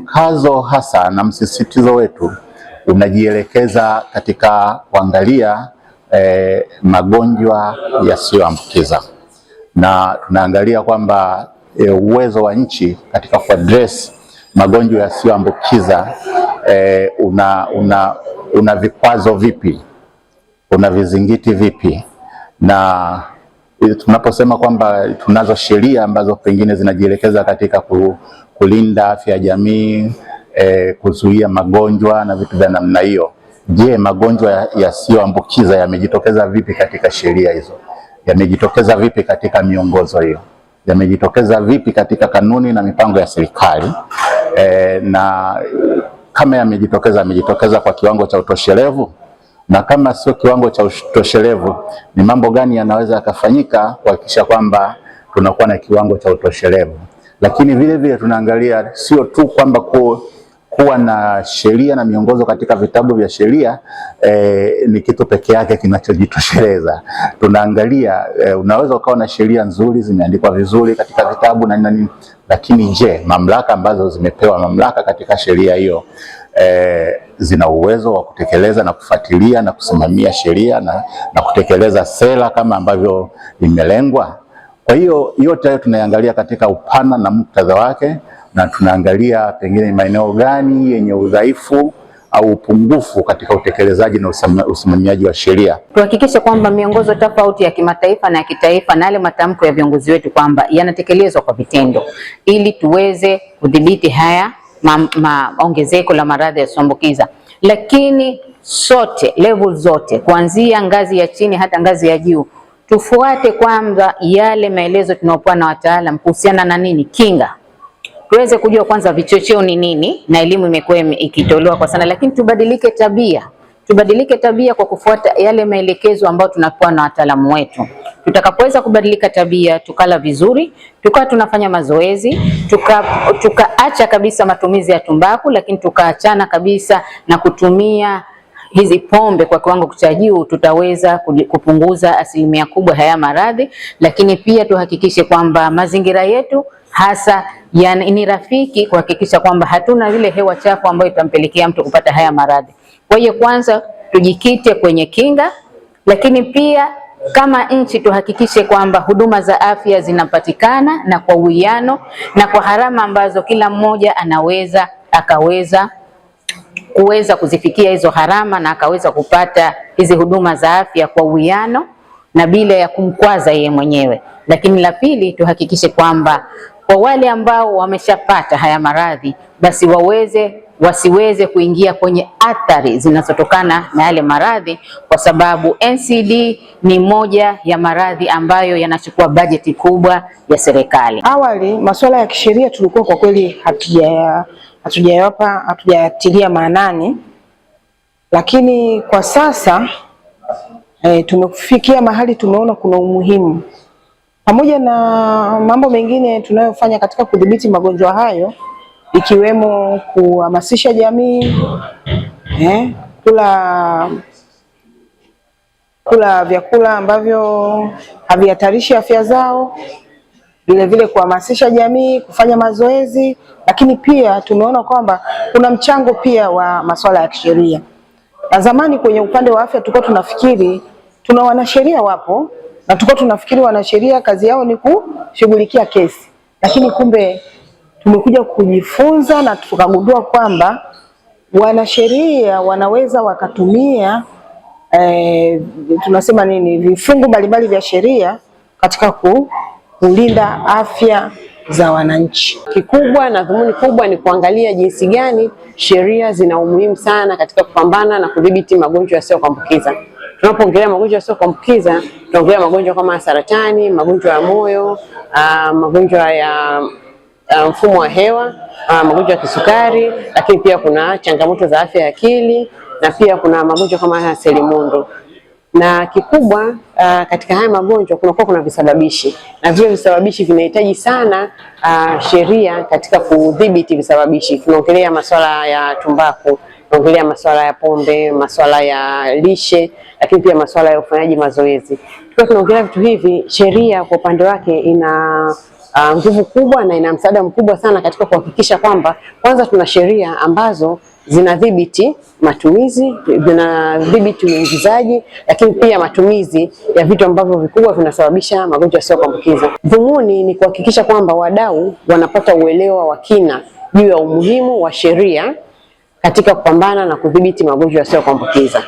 mkazo hasa na msisitizo wetu unajielekeza katika kuangalia e, magonjwa yasiyoambukiza na tunaangalia kwamba e, uwezo wa nchi katika kuadress magonjwa yasiyoambukiza e, una, una, una vikwazo vipi, una vizingiti vipi na tunaposema kwamba tunazo sheria ambazo pengine zinajielekeza katika kulinda afya ya jamii e, kuzuia magonjwa na vitu vya namna hiyo. Je, magonjwa yasiyoambukiza yamejitokeza vipi katika sheria hizo? Yamejitokeza vipi katika miongozo hiyo? Yamejitokeza vipi katika kanuni na mipango ya serikali? E, na kama yamejitokeza, yamejitokeza kwa kiwango cha utoshelevu na kama sio kiwango cha utoshelevu, ni mambo gani yanaweza yakafanyika kuhakikisha kwamba tunakuwa na kiwango cha utoshelevu. Lakini vile vile tunaangalia sio tu kwamba ku, kuwa na sheria na miongozo katika vitabu vya sheria eh, ni kitu peke yake kinachojitosheleza. Tunaangalia eh, unaweza ukawa na sheria nzuri zimeandikwa vizuri katika vitabu na nini, lakini je, mamlaka ambazo zimepewa mamlaka katika sheria hiyo eh, zina uwezo wa kutekeleza na kufuatilia na kusimamia sheria na, na kutekeleza sera kama ambavyo imelengwa. Kwa hiyo yote hayo tunaangalia katika upana na muktadha wake, na tunaangalia pengine maeneo gani yenye udhaifu au upungufu katika utekelezaji na usimamiaji wa sheria. Tuhakikishe kwamba miongozo tofauti ya kimataifa na ya kitaifa na yale matamko ya viongozi wetu kwamba yanatekelezwa kwa vitendo, ili tuweze kudhibiti haya ma, la maradhi yasiyoambukiza, lakini sote level zote kuanzia ngazi ya chini hata ngazi ya juu tufuate kwanza yale maelezo tunayopewa na wataalam kuhusiana na nini kinga, tuweze kujua kwanza vichocheo ni nini, na elimu imekuwa ikitolewa kwa sana, lakini tubadilike tabia tubadilike tabia kwa kufuata yale maelekezo ambayo tunakuwa na wataalamu wetu. Tutakapoweza kubadilika tabia, tukala vizuri, tukawa tunafanya mazoezi, tukaacha tuka kabisa matumizi ya tumbaku, lakini tukaachana kabisa na kutumia hizi pombe kwa kiwango cha juu, tutaweza kupunguza asilimia kubwa haya maradhi. Lakini pia tuhakikishe kwamba mazingira yetu hasa yani, ni rafiki kuhakikisha kwamba hatuna ile hewa chafu ambayo itampelekea mtu kupata haya maradhi. Kwa hiyo kwanza tujikite kwenye kinga, lakini pia kama nchi tuhakikishe kwamba huduma za afya zinapatikana na kwa uwiano na kwa gharama ambazo kila mmoja anaweza akaweza kuweza kuzifikia hizo gharama na akaweza kupata hizi huduma za afya kwa uwiano na bila ya kumkwaza yeye mwenyewe. Lakini la pili, tuhakikishe kwamba kwa wale ambao wameshapata haya maradhi basi waweze wasiweze kuingia kwenye athari zinazotokana na yale maradhi, kwa sababu NCD ni moja ya maradhi ambayo yanachukua bajeti kubwa ya serikali. Awali masuala ya kisheria tulikuwa kwa kweli hatuja hatujayapa hatujayatilia maanani, lakini kwa sasa e, tumefikia mahali tumeona kuna umuhimu, pamoja na mambo mengine tunayofanya katika kudhibiti magonjwa hayo ikiwemo kuhamasisha jamii eh, kula kula vyakula ambavyo havihatarishi afya zao, vilevile kuhamasisha jamii kufanya mazoezi, lakini pia tumeona kwamba kuna mchango pia wa masuala ya kisheria. Na zamani kwenye upande wa afya tulikuwa tunafikiri tuna wanasheria wapo, na tulikuwa tunafikiri wanasheria kazi yao ni kushughulikia kesi, lakini kumbe tumekuja kujifunza na tukagundua kwamba wanasheria wanaweza wakatumia eh, tunasema nini, vifungu mbalimbali vya sheria katika kulinda afya za wananchi. Kikubwa na dhumuni kubwa ni kuangalia jinsi gani sheria zina umuhimu sana katika kupambana na kudhibiti magonjwa yasiyokuambukiza. Tunapoongelea magonjwa yasiyokuambukiza tunaongelea magonjwa kama saratani, magonjwa ya moyo, uh, magonjwa ya uh, mfumo wa hewa, uh, magonjwa ya kisukari, lakini pia kuna changamoto za afya ya akili na pia kuna magonjwa kama haya selimundu na kikubwa uh, katika haya magonjwa kunakuwa kuna visababishi na vile visababishi vinahitaji sana uh, sheria katika kudhibiti visababishi. Tunaongelea masuala ya tumbaku, tunaongelea masuala ya pombe, masuala ya lishe, lakini pia masuala ya ufanyaji mazoezi. Tukiwa tunaongelea vitu hivi, sheria kwa upande wake ina Uh, nguvu kubwa na ina msaada mkubwa sana katika kuhakikisha kwamba kwanza tuna sheria ambazo zinadhibiti matumizi, zinadhibiti uingizaji, lakini pia matumizi ya vitu ambavyo vikubwa vinasababisha magonjwa yasiyokuambukiza Dhumuni ni kuhakikisha kwamba wadau wanapata uelewa wa kina juu ya umuhimu wa sheria katika kupambana na kudhibiti magonjwa yasiyokuambukiza